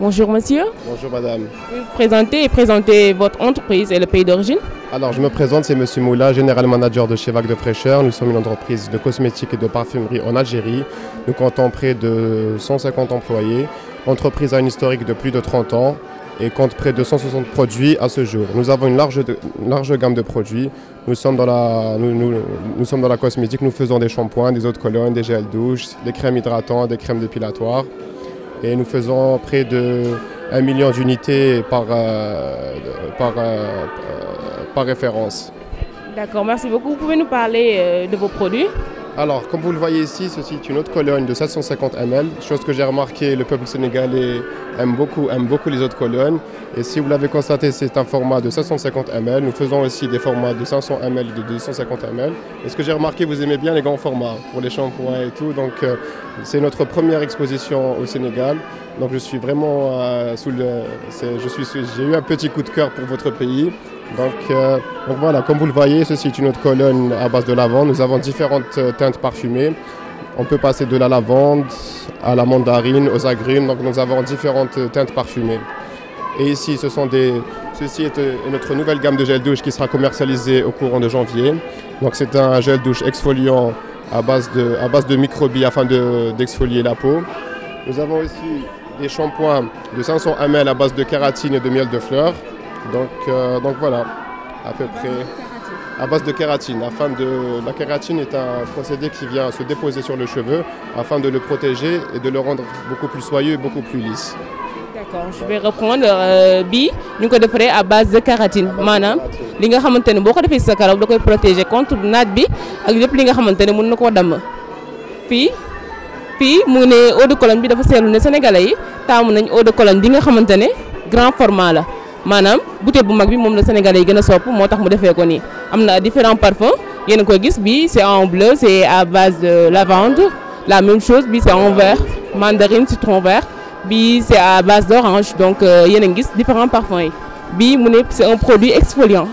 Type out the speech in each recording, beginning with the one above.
Bonjour monsieur. Bonjour madame. Vous présentez et présentez votre entreprise et le pays d'origine Alors je me présente, c'est monsieur Moula, général manager de chez de Fraîcheur. Nous sommes une entreprise de cosmétiques et de parfumerie en Algérie. Nous comptons près de 150 employés. Entreprise a une historique de plus de 30 ans et compte près de 160 produits à ce jour. Nous avons une large, large gamme de produits. Nous sommes, dans la, sommes dans la cosmétique, nous faisons des shampoings, des eaux de cologne, des gels douches, des crèmes hydratantes, des crèmes dépilatoires et nous faisons près de 1 million d'unités par, euh, euh, euh, par référence. D'accord, merci beaucoup. Vous pouvez nous parler de vos produits alors, comme vous le voyez ici, ceci est une autre colonne de 750 ml. Mm. Chose que j'ai remarqué, le peuple sénégalais aime beaucoup, aime beaucoup les autres colonnes. Et si vous l'avez constaté, c'est un format de 750 ml. Mm. Nous faisons aussi des formats de 500 ml mm et de 250 ml. Et ce que j'ai remarqué, vous aimez bien les grands formats pour les shampoings et tout. Donc, euh, c'est notre première exposition au Sénégal. Donc, je suis vraiment euh, sous le. J'ai eu un petit coup de cœur pour votre pays. Euh, donc, voilà, comme vous le voyez, ceci est une autre colonne à base de lavande. Nous avons différentes euh, teintes parfumées. On peut passer de la lavande à la mandarine, aux agrumes. Donc nous avons différentes euh, teintes parfumées. Et ici, ce sont des... ceci est notre nouvelle gamme de gel douche qui sera commercialisée au courant de janvier. Donc c'est un gel douche exfoliant à base de, à afin d'exfolier la peau. Nous avons aussi des shampoings de 500 ml à base de kératine et de miel de fleurs. Donc, euh, donc voilà, à peu près à base de kératine. Afin de... La kératine est un procédé qui vient se déposer sur le cheveu afin de le protéger et de le rendre beaucoup plus soyeux et beaucoup plus lisse. D'accord, je vais reprendre bi nous de près à base de kératine maanaam li nga xamante ne boo ko defee sa karaw da protéger contre naaj bi ak lépp li nga xamante ne mën na koo Puis, fii fii mu ne eau de Cologne bi dafa seetlu ne sénégalais yi taamu nañ eau de Cologne bi nga xamante grand format là manam bouteille bu mag bi mom la sénégalais gëna sopp motax mu défé ko ni amna différents parfums yéen a koy gis bi c'est en bleu c'est à base de lavande la même chose bi c'est en vert mandarine citron vert bi c'est à base d'orange donc euh, yéen a ngi gis différents parfums bi mu né c'est un produit exfoliant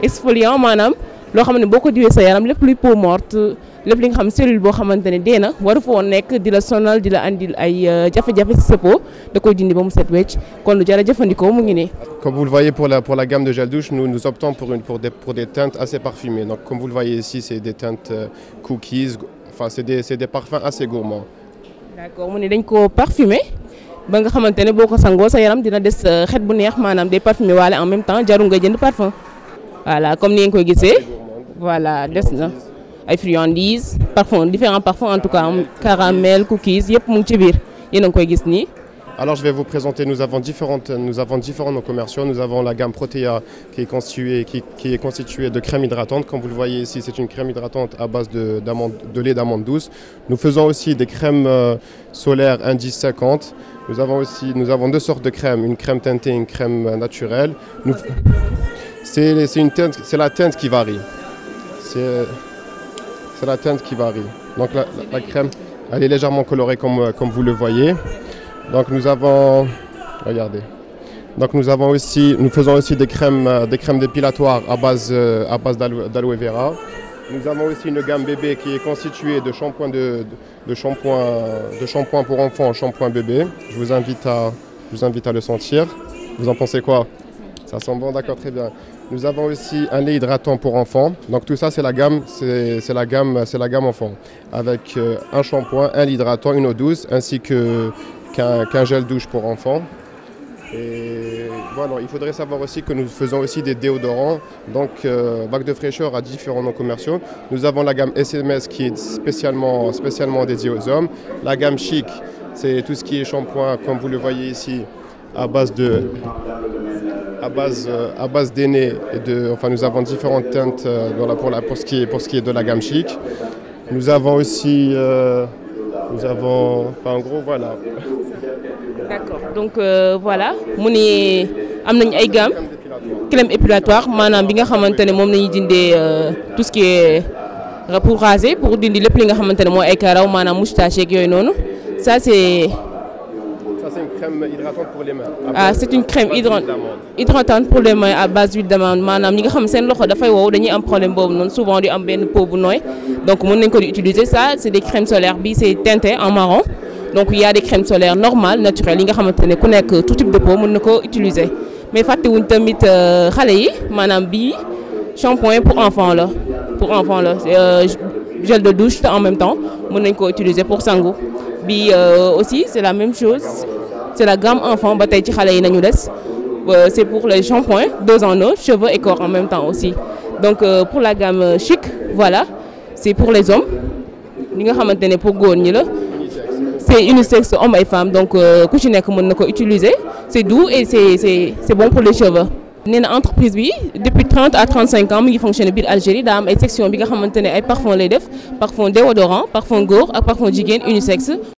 exfoliant manam lo xamné boko diwé sa yaram lepp luy peau morte lepp li nga xam cellule bo xamante ne waru foo nekk di la sonal di la andil ay jafé euh, jafé ci sa peau da koy dindi ba mu set wecc kon lu jar a mu ngi né comme vous le voyez pour la, pour la gamme de gel douche, nous, nous optons pour, une, pour, des, pour des teintes assez parfumées. Donc comme vous le voyez ici, c'est des teintes euh, cookies, enfin c'est des, des parfums assez gourmands. D'accord, mu ne dañ Comme parfumé ba nga xamante ne boo ko sangoo sa yaram dina des parfums, euh, bu en même temps jarul nga des parfum voilà comme vous le voyez, voilà des na friandises parfums, différents parfums en tout cas caramel cookies yëpp mu ci biir yéen a koy alors je vais vous présenter, nous avons, différentes, nous avons différents nos commerciaux. Nous avons la gamme Protea qui est constituée, qui, est constituée de crème hydratante. Comme vous le voyez ici, c'est une crème hydratante à base de, de lait d'amande douce. Nous faisons aussi des crèmes euh, solaires indice 50. Nous avons aussi nous avons deux sortes de crèmes, une crème teintée et une crème naturelle. C'est la teinte qui varie. C'est la teinte qui varie. Donc la, crème, elle est légèrement colorée comme, comme vous le voyez. Donc nous avons, regardez, donc nous avons aussi, nous faisons aussi des crèmes, euh, des crèmes dépilatoires à base, euh, à base d'aloe vera. Nous avons aussi une gamme bébé qui est constituée de shampoing de, shampoing, de shampoing pour enfants, shampoing bébé. Je vous invite à, vous invite le sentir. Vous en pensez quoi Ça sent bon, d'accord, très bien. Nous avons aussi un lait hydratant pour enfants. Donc tout ça, c'est la gamme, c'est la gamme, c'est la gamme enfant, avec euh, un shampoing, un lait hydratant, une eau douce, ainsi que qu'un gel douche pour enfants. Et voilà, il faudrait savoir aussi que nous faisons aussi des déodorants, donc euh, bac de fraîcheur à différents noms commerciaux. Nous avons la gamme SMS qui est spécialement, spécialement dédiée aux hommes. La gamme chic, c'est tout ce qui est shampoing, comme vous le voyez ici, à base de à base, euh, à base d'aînés et de enfin nous avons différentes teintes euh, la, pour, la, pour, ce qui est, pour ce qui est de la gamme chic nous avons aussi nous avons en gros voilà d'accord donc euh, voilà mu ni am nañ ay gamme crème épilatoire maanaam bi nga xamante ne moom nañuy euh, tout ce qui est pour raser pour dindi lépp li nga xamante ne mooy ay karaw maanaam moustache yeeg yooyu noonu ça c'est c'est une crème hydratante pour les mains. ah c'est une crème hydratante pour les mains à base d'huile d'amande maanaam ñi nga xam seen loxo dafay wow dañuy am problème boobu noonu souvent di am benn peau bu donc mën nañ ko di utiliser ça c'est des crèmes solaires bi c'est teinté en marron donc il y a des crèmes solaires normales naturelles Vous tout type de peau on peut utiliser mais tamit euh, yi shampoing pour enfants. là, pour enfants là. Euh, gel de douche en même temps Vous pouvez utiliser pour sangou. bi euh, aussi c'est la même chose c'est la gamme enfant c'est pour les shampoings dos en eau cheveux et corps en même temps aussi donc pour la gamme chic voilà c'est pour les hommes Vous nga pour les ñi c'est unisexe homme et femme, donc le euh, ci mën utiliser c'est doux et c'est bon pour les cheveux. Une une entreprise depuis 30 à 35 ans qui fonctionne bien biir Algérie daa et section bi nga xamante ay parfum lay parfum déodorant parfum parfum unisexe